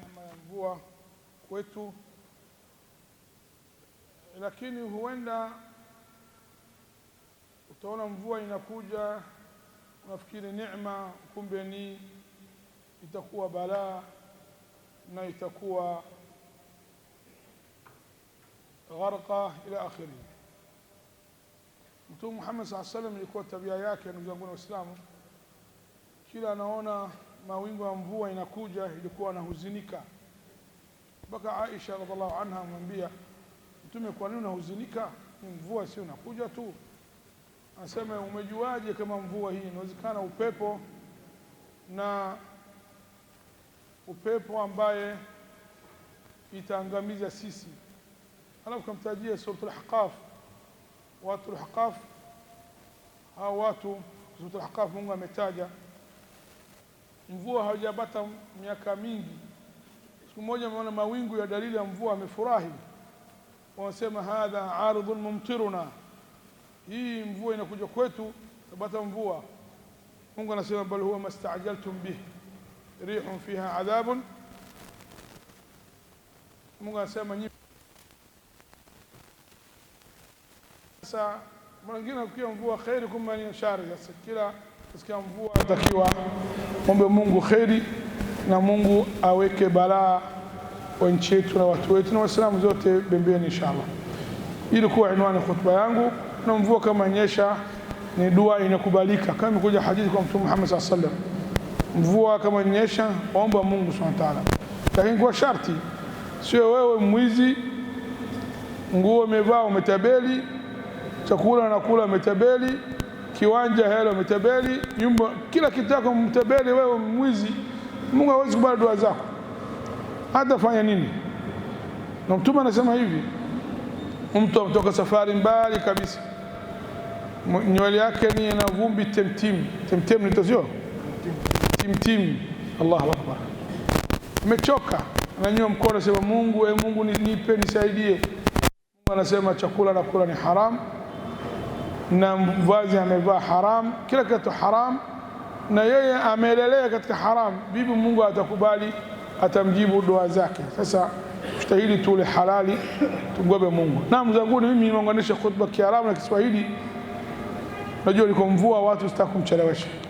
neema ya mvua kwetu, lakini huenda utaona mvua inakuja, unafikiri neema, kumbe ni itakuwa balaa na itakuwa gharqa ila akhiri. Mtume Muhammad sallallahu alaihi wasallam ilikuwa tabia yake, ndugu zangu na Waislamu, kila anaona mawingu ya mvua inakuja, ilikuwa anahuzunika mpaka Aisha radhiallahu anha amwambia Mtume, kwa nini unahuzunika? Ni mvua si unakuja tu. Anasema, umejuaje kama mvua hii? Inawezekana upepo na upepo ambaye itaangamiza sisi. Alafu kamtajia suratul Ahqaf, watu Ahqaf, hao watu suratul Ahqaf Mungu ametaja mvua haujapata miaka mingi. Siku moja ameona mawingu ya dalili ya mvua, amefurahi. Wanasema hadha ardhun mumtiruna, hii mvua inakuja kwetu, tapata mvua. Mungu anasema bal huwa mastajaltum bih rihun fiha adhabun. Mungu anasema nyinyi sasa, mwingine ukia mvua kheri, kumbe shari. Sasa kila kusikia mvua tunatakiwa ombe Mungu kheri na Mungu aweke balaa wa nchi yetu na watu wetu na Waislamu zote bembeni inshallah. ilikuwa inwani khutba yangu, na mvua kama nyesha ni dua inakubalika, kama imekuja hadithi kwa Mtume Muhammad sallallahu alaihi wasallam. Mvua kama nyesha, omba Mungu subhanahu wa ta'ala, lakini kwa sharti, sio wewe mwizi, nguo umevaa umetabeli, chakula unakula umetabeli kiwanja hela, umetembeli nyumba, kila kitu chako mtembeli wewe mwizi, Mungu hawezi kubali dua zako, hata fanya nini. Na Mtume anasema hivi, mtu amtoka safari mbali kabisa, nywele yake ni na vumbi temtim temtim, nitasio timtim, Allahu akbar, umechoka ananyua mkono, anasema Mungu, e Mungu, nipe nisaidie. Mungu anasema chakula nakula ni haramu na mvazi amevaa haram, kila kitu haram, na yeye amelelea katika haram, vipi Mungu atakubali? Atamjibu dua zake. Sasa mstahili tule halali, tugobe Mungu. Na mzanguni, mimi nimeunganisha khutba Kiarabu na Kiswahili, najua liko mvua, watu sitakumchelewesha.